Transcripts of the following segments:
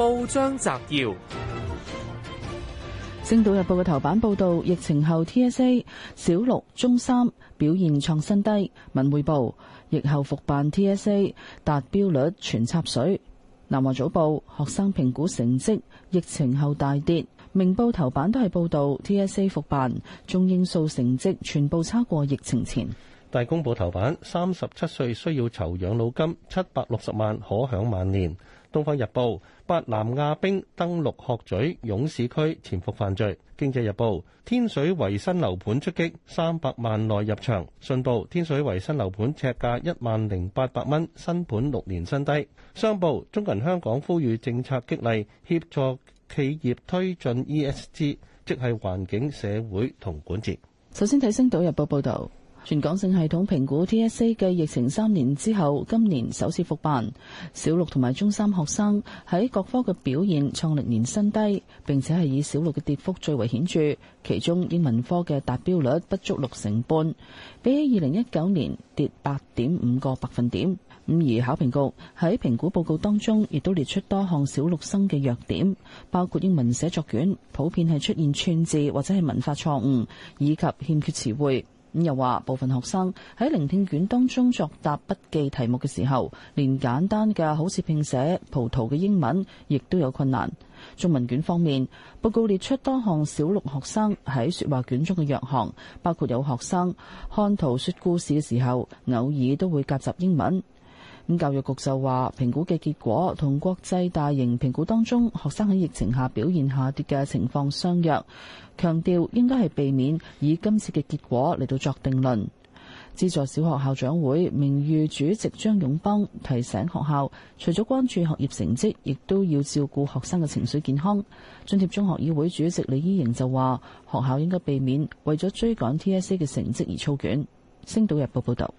報章摘要：星島日報嘅頭版報道，疫情後 T S A 小六、中三表現創新低；文匯報，疫後復辦 T S A 達標率全插水；南華早報，學生評估成績疫情後大跌；明報頭版都係報道 T S A 復辦，中英數成績全部差過疫情前。大公報頭版，三十七歲需要籌養老金七百六十萬，可享晚年。《東方日報》：八南亞兵登陸鶴咀勇士區潛伏犯罪。《經濟日報》：天水圍新樓盤出擊三百萬內入場。信報：天水圍新樓盤尺價一萬零八百蚊，新盤六年新低。商報：中銀香港呼籲政策激勵協助企業推進 ESG，即係環境、社會同管治。首先睇《星島日報》報道。全港性系統評估 T.S.A. 嘅，疫情三年之後，今年首次復辦，小六同埋中三學生喺各科嘅表現創歷年新低，並且係以小六嘅跌幅最為顯著。其中英文科嘅達標率不足六成半，比起二零一九年跌八點五個百分點。咁而考評局喺評估報告當中亦都列出多項小六生嘅弱點，包括英文寫作卷普遍係出現串字或者係文法錯誤，以及欠缺詞彙。咁又話，部分學生喺聆聽卷當中作答筆記題目嘅時候，連簡單嘅好似拼寫葡萄嘅英文，亦都有困難。中文卷方面，報告列出多項小六學生喺說話卷中嘅弱項，包括有學生看圖說故事嘅時候，偶爾都會夾雜英文。咁教育局就話，評估嘅結果同國際大型評估當中，學生喺疫情下表現下跌嘅情況相若，強調應該係避免以今次嘅結果嚟到作定論。資助小學校長會名譽主席張勇邦提醒學校，除咗關注學業成績，亦都要照顧學生嘅情緒健康。津貼中學議會主席李依瑩就話，學校應該避免為咗追趕 TSA 嘅成績而操卷。星島日報報道。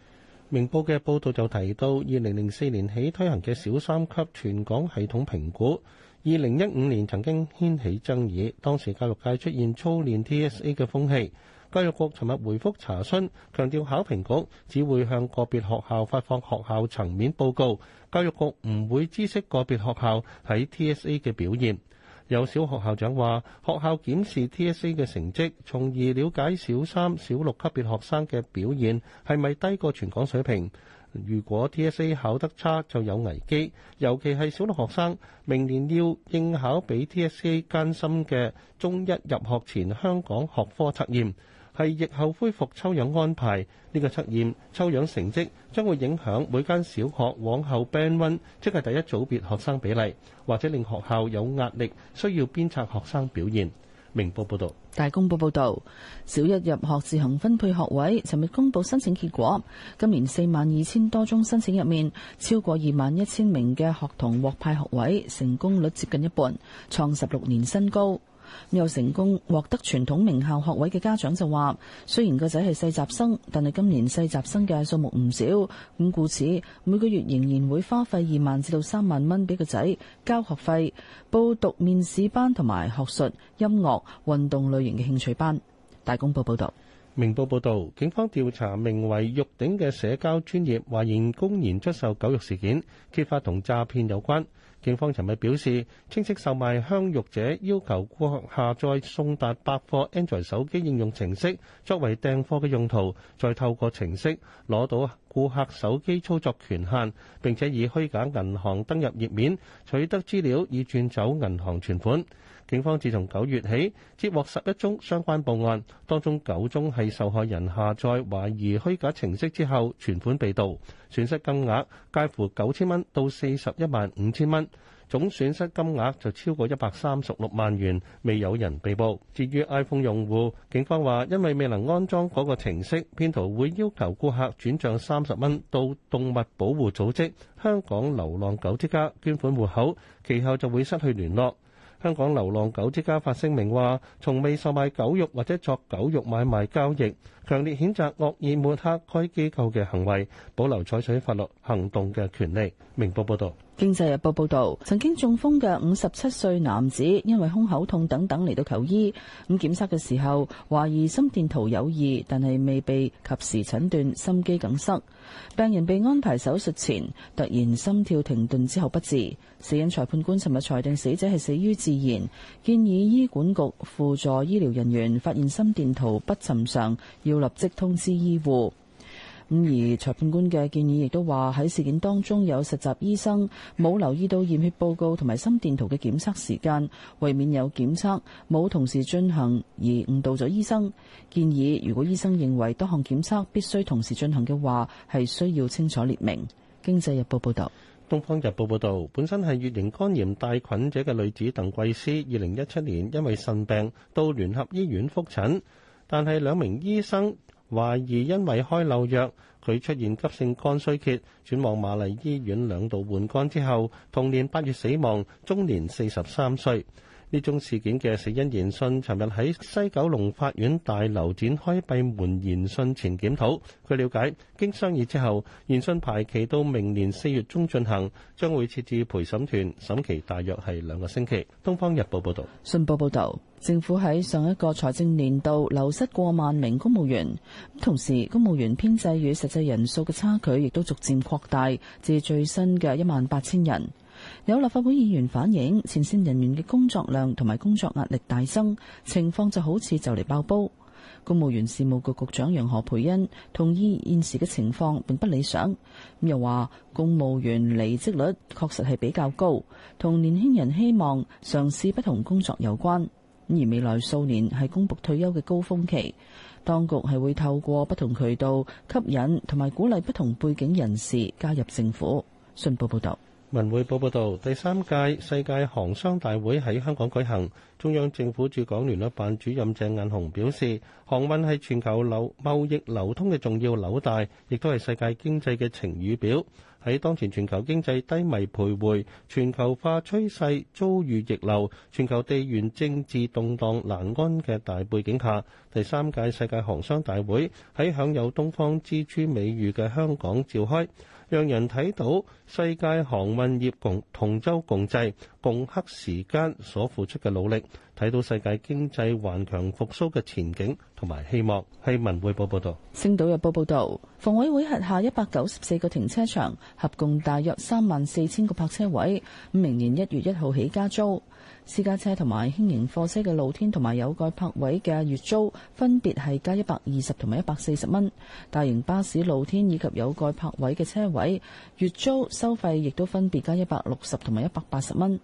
明報嘅報導就提到，二零零四年起推行嘅小三級全港系統評估，二零一五年曾經掀起爭議，當時教育界出現操練 TSA 嘅風氣。教育局尋日回覆查詢，強調考評局只會向個別學校發放學校層面報告，教育局唔會知悉個別學校喺 TSA 嘅表現。有小學校長話：學校檢視 TSA 嘅成績，從而了解小三、小六級別學生嘅表現係咪低過全港水平。如果 TSA 考得差，就有危機。尤其係小六學生，明年要應考比 TSA 艱深嘅中一入學前香港學科測驗。係疫後恢復抽樣安排，呢個測驗抽樣成績將會影響每間小學往後 band one，即係第一組別學生比例，或者令學校有壓力，需要鞭策學生表現。明報報道。大公報報道，小一入學自行分配學位，尋日公布申請結果。今年四萬二千多宗申請入面，超過二萬一千名嘅學童獲派學位，成功率接近一半，創十六年新高。又成功獲得傳統名校學位嘅家長就話：雖然個仔係世襲生，但係今年世襲生嘅數目唔少，咁故此每個月仍然會花費二萬至到三萬蚊俾個仔交學費、報讀面試班同埋學術、音樂、運動類型嘅興趣班。大公報報道，明報報道，警方調查名為玉鼎嘅社交專業，懷疑公然出售狗肉事件，揭發同詐騙有關。警方尋日表示，清晰售賣香肉者要求顧客下載送達百貨 Android 手機應用程式，作為訂貨嘅用途，再透過程式攞到顧客手機操作權限，並且以虛假銀行登入頁面取得資料，以轉走銀行存款。警方自從九月起接獲十一宗相關報案，當中九宗係受害人下載懷疑虛假程式之後，存款被盜，損失金額介乎九千蚊到四十一萬五千蚊，總損失金額就超過一百三十六萬元，未有人被捕。至於 iPhone 用戶，警方話因為未能安裝嗰個程式，騙徒會要求顧客轉帳三十蚊到動物保護組織香港流浪狗之家捐款戶口，其後就會失去聯絡。香港流浪狗之家發聲明話：從未售賣狗肉或者作狗肉買賣交易，強烈譴責惡意抹黑該機構嘅行為，保留採取法律行動嘅權利。明報報導。經濟日報報道，曾經中風嘅五十七歲男子，因為胸口痛等等嚟到求醫。咁檢測嘅時候，懷疑心電圖有異，但係未被及時診斷心肌梗塞。病人被安排手術前，突然心跳停頓之後不治。死因裁判官尋日裁定死者係死於自然，建議醫管局輔助醫療人員發現心電圖不尋常，要立即通知醫護。咁而裁判官嘅建議亦都話喺事件當中有實習醫生冇留意到驗血報告同埋心電圖嘅檢測時間，為免有檢測冇同時進行而誤導咗醫生，建議如果醫生認為多項檢測必須同時進行嘅話，係需要清楚列明。經濟日報報道，東方日報報道，本身係乙型肝炎帶菌者嘅女子鄧桂思二零一七年因為腎病到聯合醫院覆診，但係兩名醫生。懷疑因為開漏藥，佢出現急性肝衰竭，轉往瑪麗醫院兩度換肝之後，同年八月死亡，終年四十三歲。呢宗事件嘅死因言訊尋日喺西九龍法院大樓展開閉門言訊前檢討，據了解，經商議之後，言訊排期到明年四月中進行，將會設置陪審團，審期大約係兩個星期。《東方日報》報道，《信報》報道，政府喺上一個財政年度流失過萬名公務員，同時公務員編制與實際人數嘅差距亦都逐漸擴大，至最新嘅一萬八千人。有立法會議員反映，前線人員嘅工作量同埋工作壓力大增，情況就好似就嚟爆煲。公務員事務局局，局長楊何培恩同意現時嘅情況並不理想，又話公務員離職率確實係比較高，同年輕人希望嘗試不同工作有關。而未來數年係公僕退休嘅高峰期，當局係會透過不同渠道吸引同埋鼓勵不同背景人士加入政府。信報報道。文匯報報道，第三屆世界航商大會喺香港舉行。中央政府駐港聯絡辦主任鄭雁雄表示，航運係全球流貿易流通嘅重要紐帶，亦都係世界經濟嘅晴雨表。喺當前全球經濟低迷徘徊、全球化趨勢遭遇逆流、全球地緣政治動盪難安嘅大背景下，第三屆世界航商大會喺享有東方之珠美譽嘅香港召開，讓人睇到世界航運業共同舟共濟、共克時艱所付出嘅努力。睇到世界經濟頑強復甦嘅前景同埋希望，係文匯報報道。星島日報報道，房委會轄下一百九十四個停車場，合共大約三萬四千個泊車位。明年一月一號起加租，私家車同埋輕型貨車嘅露天同埋有蓋泊位嘅月租分別係加一百二十同埋一百四十蚊。大型巴士露天以及有蓋泊位嘅車位月租收費亦都分別加一百六十同埋一百八十蚊。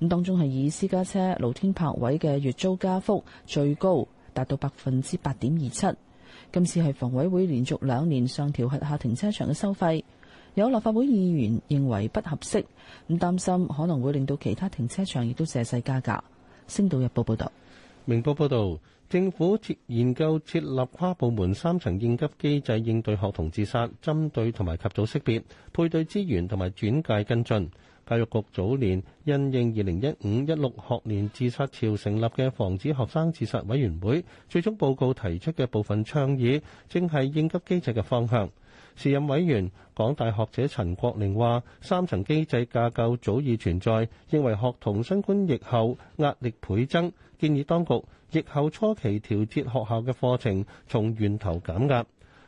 咁當中係以私家車露天泊位嘅月租加幅最高，達到百分之八點二七。今次係房委會連續兩年上調轄下停車場嘅收費，有立法會議員認為不合適，咁擔心可能會令到其他停車場亦都借勢加價。星島日報報道。明報報道，政府設研究設立跨部門三層應急機制，應對學童自殺，針對同埋及早識別、配對資源同埋轉介跟進。教育局早年因應2015-16學年自殺潮成立嘅防止學生自殺委員會，最終報告提出嘅部分倡議，正係應急機制嘅方向。時任委員港大學者陳國寧話，三層機制架構早已存在，認為學童新冠疫後壓力倍增，建議當局疫後初期調節學校嘅課程，從源頭減壓。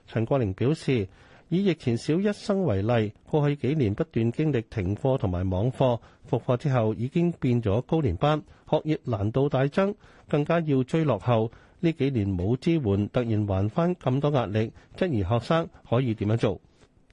陳國寧表示。以疫情小一生為例，過去幾年不斷經歷停課同埋網課，復課之後已經變咗高年班，學業難度大增，更加要追落後。呢幾年冇支援，突然還翻咁多壓力，質疑學生可以點樣做？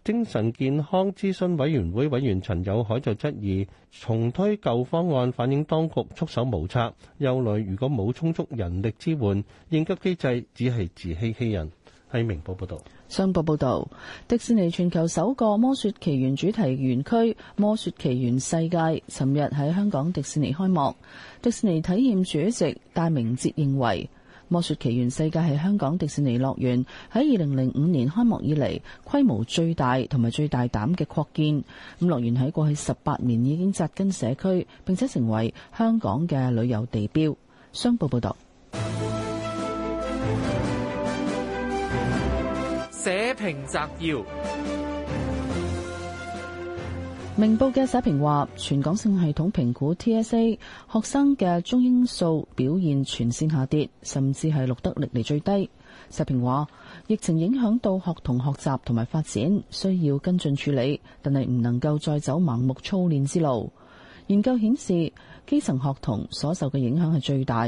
精神健康諮詢委員會委員陳友海就質疑，重推舊方案反映當局束手無策，幼女如果冇充足人力支援，應急機制只係自欺欺人。《明報》報道，《商報》報道，迪士尼全球首個《魔雪奇緣》主題園區《魔雪奇緣世界》尋日喺香港迪士尼開幕。迪士尼體驗主席戴明哲認為，《魔雪奇緣世界》係香港迪士尼樂園喺二零零五年開幕以嚟規模最大同埋最大膽嘅擴建。咁樂園喺過去十八年已經扎根社區，並且成為香港嘅旅遊地標。《商報》報道。章摘要，明報嘅社評話，全港性系統評估 TSA 學生嘅中英數表現全線下跌，甚至係錄得歷嚟最低。社評話，疫情影響到學童學習同埋發展，需要跟進處理，但係唔能夠再走盲目操練之路。研究顯示，基層學童所受嘅影響係最大。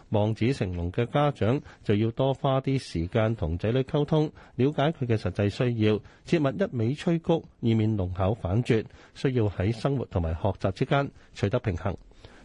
望子成龍嘅家長就要多花啲時間同仔女溝通，了解佢嘅實際需要，切勿一味催谷，以免弄巧反拙。需要喺生活同埋學習之間取得平衡。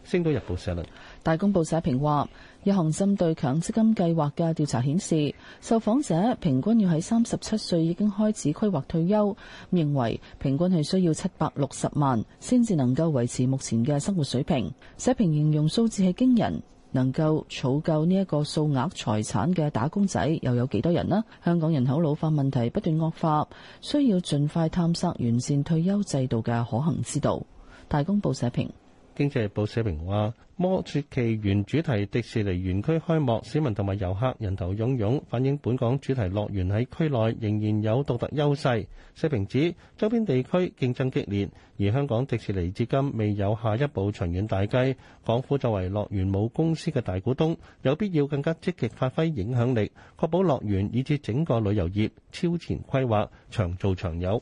星島日報社論。大公報社評話：一項針對強積金計劃嘅調查顯示，受訪者平均要喺三十七歲已經開始規劃退休，認為平均係需要七百六十萬先至能夠維持目前嘅生活水平。社評形容數字係驚人。能夠儲夠呢一個數額財產嘅打工仔又有幾多人呢？香港人口老化問題不斷惡化，需要盡快探索完善退休制度嘅可行之道。大公報社評。經濟報社評話，《魔雪奇緣》主題迪士尼園區開幕，市民同埋遊客人頭湧湧，反映本港主題樂園喺區內仍然有獨特優勢。社評指，周邊地區競爭激烈，而香港迪士尼至今未有下一步長遠大計。港府作為樂園母公司嘅大股東，有必要更加積極發揮影響力，確保樂園以至整個旅遊業超前規劃，長做長有。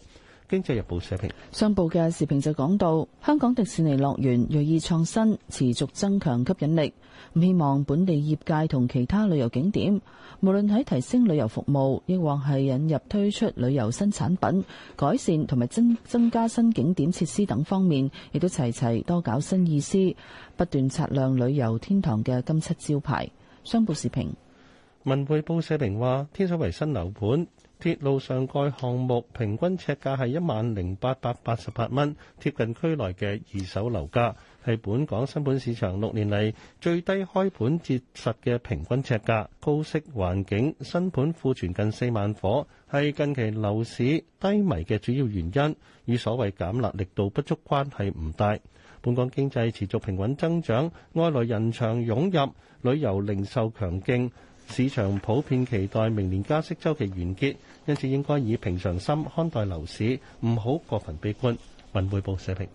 經濟日報社評，商報嘅視頻就講到，香港迪士尼樂園銳意創新，持續增強吸引力。唔希望本地業界同其他旅遊景點，無論喺提升旅遊服務，抑或係引入推出旅遊新產品、改善同埋增增加新景點設施等方面，亦都齊齊多搞新意思，不斷擦亮旅遊天堂嘅金漆招牌。商報視評，文匯報社評話，天水圍新樓盤。鐵路上蓋項目平均尺價係一萬零八百八十八蚊，貼近區內嘅二手樓價，係本港新盤市場六年嚟最低開盤折實嘅平均尺價。高息環境、新盤庫存近四萬夥，係近期樓市低迷嘅主要原因，與所謂減辣力度不足關係唔大。本港經濟持續平穩增長，外來人潮湧入，旅遊零售強勁。市場普遍期待明年加息周期完結，因此應該以平常心看待樓市，唔好過分悲觀，文匯報社評。